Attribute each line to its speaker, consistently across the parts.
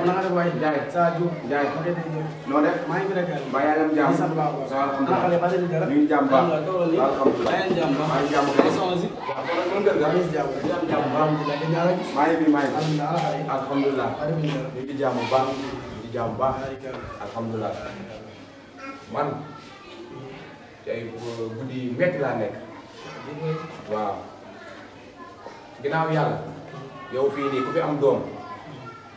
Speaker 1: def na nga def waay Ndiaye. Sadio Ndiaye. noo def. maa ngi fi rek. mbaa yaa ngi jàmm. sant baax baax. alhamdulilah ñu ngi jàmm baax. alhamdulilah maa ngi jàmm baax. maa ngi jàmm baax. maa ngi fi maa ngi
Speaker 2: fi. alhamdulilah. ñu ngi jàmm baax. ñu ngi jàmm baax. alhamdulilah. man. tey guddi metti laa nekk. waaw. ginnaaw yàlla. yow fii nii ku fi am doom.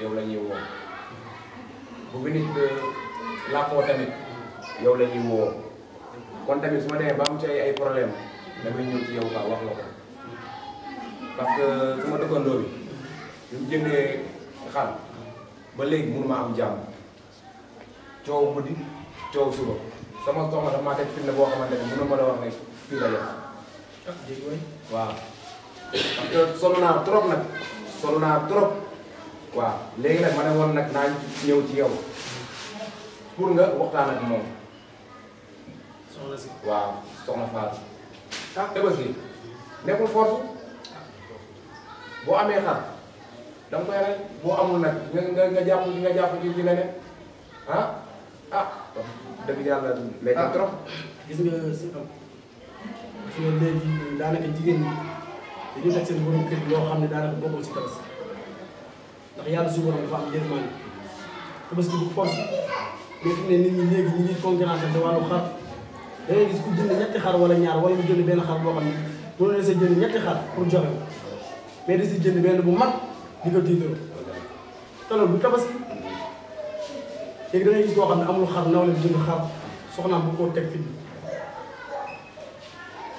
Speaker 2: yow la ñuy woo bu de la ko tamit yow la ñuy woo kon tamit suma ma ba am ci ay problème damay ñëw ci yow ba wax la ko parce que suma dëkkando bi ñu mu jëndee xal ba léegi mënuma am jàmm coow guddi ciow suba sama soxna damaa teg firnde boo xamante ne mënuma la wax ne fi la yem ah, waaw parce que sonn naa trop nag solo na trop waaw léegi nag ma ne woon nag naa ñëw ci yow pour nga waxtaan ak moom. soxna si waaw soxna Fall. ah Tabaski nekkul force boo amee xar da koy rey boo amul nag nga nga nga jàpp nga jàpp ci ci leneen ah
Speaker 1: ah dëgg yàlla léegi ah. trop. gis nga si am ah. gis nga léegi daanaka jigéen ñi dañuy teg seen borom kër loo xam ne daanaka bokkul si Tabaski ndax yàlla su borom dafa am yërmande tabaski du force mais fi mu nit ñi léegi ñu ngi concurrence te wàllu xar da ngay wala ñaar wala mu jënd benn xar boo xam ne mënul na sa jënd ñetti xar pour joxe mais da si jënd benn bu mag di ko tiitaroo te loolu du tabaski koo xam ne amul xar ko teg fi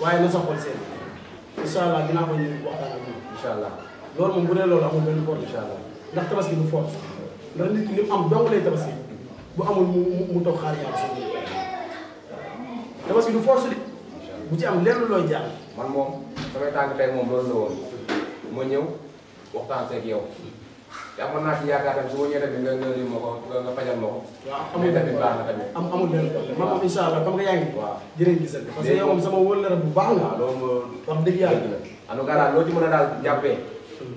Speaker 1: waaye na sa xol seen incha allah dinaa ko ñëw waxtaan ak moom. incha allah loolu moom bu dee loolu amul benn bor incha allah. ndax tabaski du force ndax nit ki li am dong lay tabaski bu amul mu mu tok xaar yàlla tabaski du force de bu ci am lenn loy
Speaker 2: jaar. man mom samay tank tay mom loolu la woon ma ñëw waxtaan seeg yow ya amoon na ci yaaka tam su ma ñëwee nga nga lii ma nga fajal mako amul tamit baax na tamit. am amul lenn ma am inshallah allah comme nga yaangi ngi. waaw
Speaker 1: dinañ gisante parce que yow moom sama wëllëra bu
Speaker 2: baax nga. waaw loolu wax deug yàlla. en gara lo ci mëna a jappé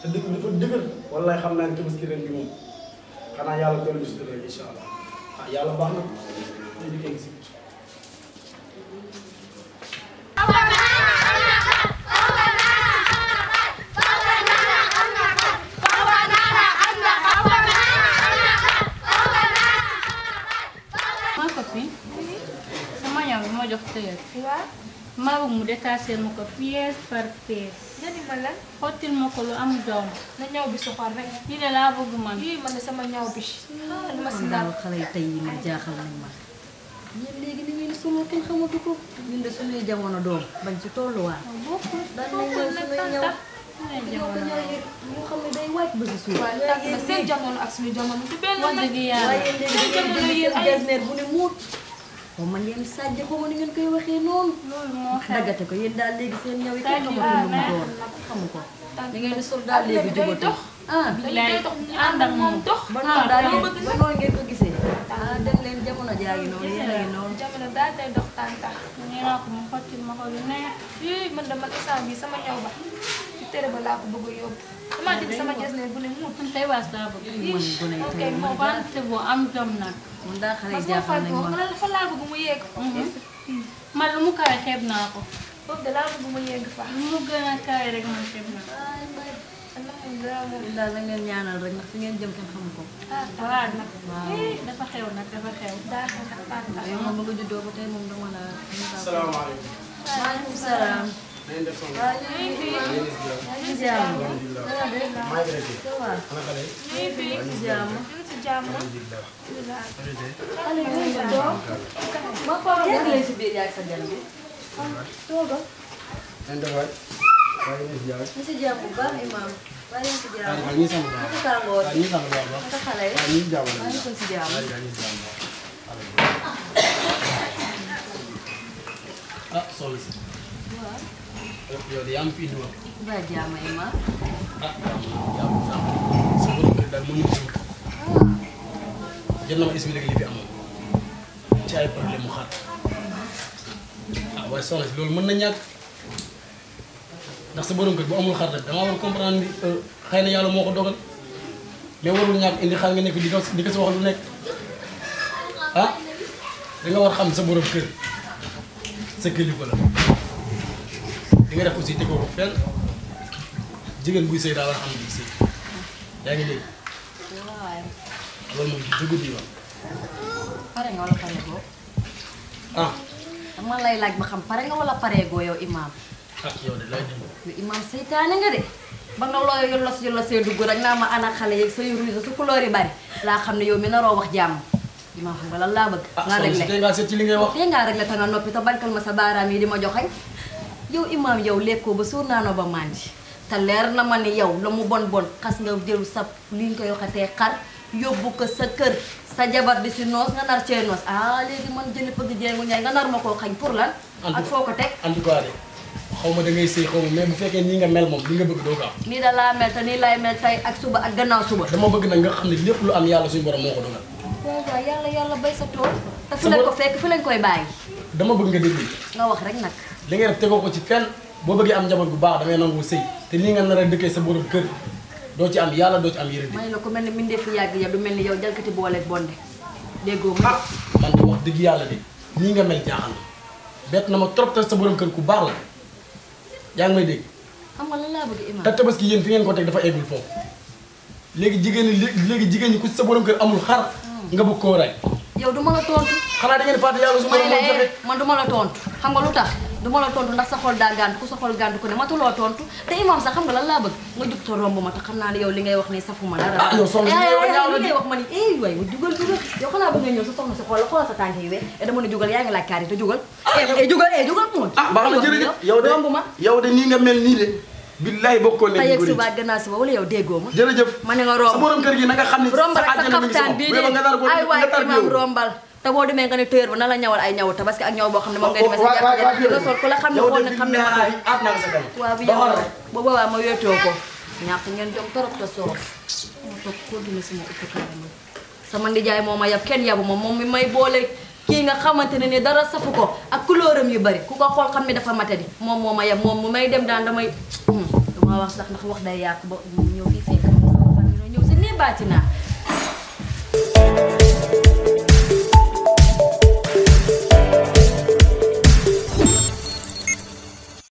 Speaker 1: te dëgg bi dafa dëgër wallaay xam naa ne bi moom xanaa yàlla doon ñu sutura incha allah ah yàlla baax na ñu ngi si
Speaker 3: sama ñaw bi ma jox tëyal muda de mau ke pièce par pièce nani mala hotel mau lu am jam na ñaw bi soxor rek ni la la bëgg man yi man sama ñaw bi ah ma ci dal xalé tay yi ma jaaxal nañ ma ñen légui ni ñuy sunu ken xamatu ko ñun de jamono doom bañ ci tollu wa dal nañ jamono ak jamono xaw ma ngeen ko xaw ma ni koy waxee noonu. loolu moo xew daggate ko yéen daal léegi seen ñaw yi kenn xamul lu mu ah, doon xamu ko. da ngeen di sol daal léegi jóg a dox. ah bi lay ah, ànd ak moom dox. ba noonu ah, daal ngeen ba noonu ngeen ko gisee. ah dem leen jamono jaa ngi noonu yéen a ngi noonu. jamono bi sama ñaw ci tere ba laa ko bëgg a yóbbu. dama dégg sama jees ne bu ne mu. man tey waas laa bëgg. ok moo wante boo am jom nag. man daa xale ma fa laa bëgg mu yegg. man lu mu kawe xeeb naa ko. foofu de laa bëgg mu yegg fa. mu gën a kawe rek man xeeb naa ko. daal da ngeen ñaanal rek ndax fi ngeen jëm kenn xamu ko. ah waaw nag. dafa xew ba nga juddoo ba tey moom dama la.
Speaker 1: salaamaaleykum. maaleykum salaam. ah soxna si. yow de yaa ngi fi indi ah sa borom kër daal moo ñu suur. jot na ma expliqué li fi amoon ci ay problème mu xar ah waaye soxna si loolu mën na ñàkk ndax sa borom kër bu amul xar rek damaa war comprendre ni euh, xëy na yàlla moo ko dogal mais warul ñàkk indi xar nga nekk di ko di ko si wax lu nekk ah war xam sa borom kër sa kilifa la. ngay def aussi tegoo ko fenn jigéen buy sëy daa war a xam ngi dégg. dëgg nga wala pare ah.
Speaker 3: dama lay laaj ba xam nga wala pare goo yow imaam.
Speaker 1: ah yow de lay dem.
Speaker 3: yow imaam seytaane nga de. ba nga looy yolos yolos see dugg rek naa ma ana xale yeeg say ruuse su couleur yi bari laa xam yow mi naroo wax jàmm imaam xam nga lan laa bëgg. nga
Speaker 1: ah ci li ngay wax.
Speaker 3: bankal ma sa yi di ma yow Imam yow lekko ba soo naanoo ba mandi ta leer na ma ni yow lamu bon bon khas nga jël sap li nga koy waxatee xar yobbu ko sa keur sa jabar bi ci nos nga nar ci nos ah léegi man jëli pëgg jeengu ñaay nga nar mako xagn pour lan ak foko tek teg
Speaker 1: en tout da ngay sey xawma mais bu nga mel mom li nga bëgg do ko
Speaker 3: ni da la mel ta ni lay mel tay ak suba ak
Speaker 1: gannaaw suba dama bëgg na nga xamni lepp lu am yalla suñu borom moko dogal
Speaker 3: ko yalla yalla bay sa to ta fu la ko fekk fu lañ koy
Speaker 1: dama bëgg nga degg nga wax rek nak li ngay def tegoo ko ci fenn bo beugé am njaboot gu baax da ngay nangu sey té li nga nara a sa borom kër do ci am yalla do ci am yërëb.
Speaker 3: may la ko melni ni fi yàgg ya du melni yow jalkati booleeg bondé déggoo ma.
Speaker 1: man ko wax dëgg yalla dé nii nga mel jaxal na na ma trop te sa borom kër ku baax la ya nga may dégg.
Speaker 3: xam nga lan la bëgg imam ta
Speaker 1: tabaski yeen fi ngeen ko teg dafa eggul fofu léegi jigéen ni léegi jigéen ni ku sa borom kër amul xar hmm. nga bu ko ya, ray yow duma la tontu. xala da ngeen fàtte yalla suma mo la
Speaker 3: man duma eh? la tontu xam nga lutax du ma la tontu ndax sa xol daa gànd ku sa xol gànd ku ne matuloo tontu te imam sax xam nga lan laa bëgg nga jug te romb ma te xam naa ne yow li ngay wax ne safuma dara ah, yow soxna eh, li ngay wax ma ni eh waay jugal jugal yow xanaa bëgg nga ñëw sa soxna si xool xool sa tànk yi wee e eh, dama ne jugal yaa ngi laaj kaar yi te jugal e jugal e jugal moom ah
Speaker 1: baax na jërëjëf yow de romb ma yow de nii nga mel nii de billaay bokkoon nañu bëri tey suba
Speaker 3: gannaaw suba wala yow déggoo ma jërëjëf
Speaker 1: ma ne nga romb sa borom kër gi na nga xam ne rombal sa kaftaan bii de ay waay imam rombal
Speaker 3: te boo demee nga ne téer ba na la ñawal ay ñaw tabaski ak ñaw boo xam ne moom ngay demee sa jàpp nga sol ku la xam ne xool ne xam ne
Speaker 1: waaw bi
Speaker 3: yow ko ngeen jom torop te soow moo sama uppkaara ma moo ma yab kenn yabu ma moom mi may boole kii nga xamante ne ni dara safu ko ak couleuram yu bari ku ko xool xam ne dafa matadi moom moo ma yab moom mu may dem daan damay hmm, dama wax sax ndax wax day yàq ba ñëw fii fekk ñëw si nii baati naa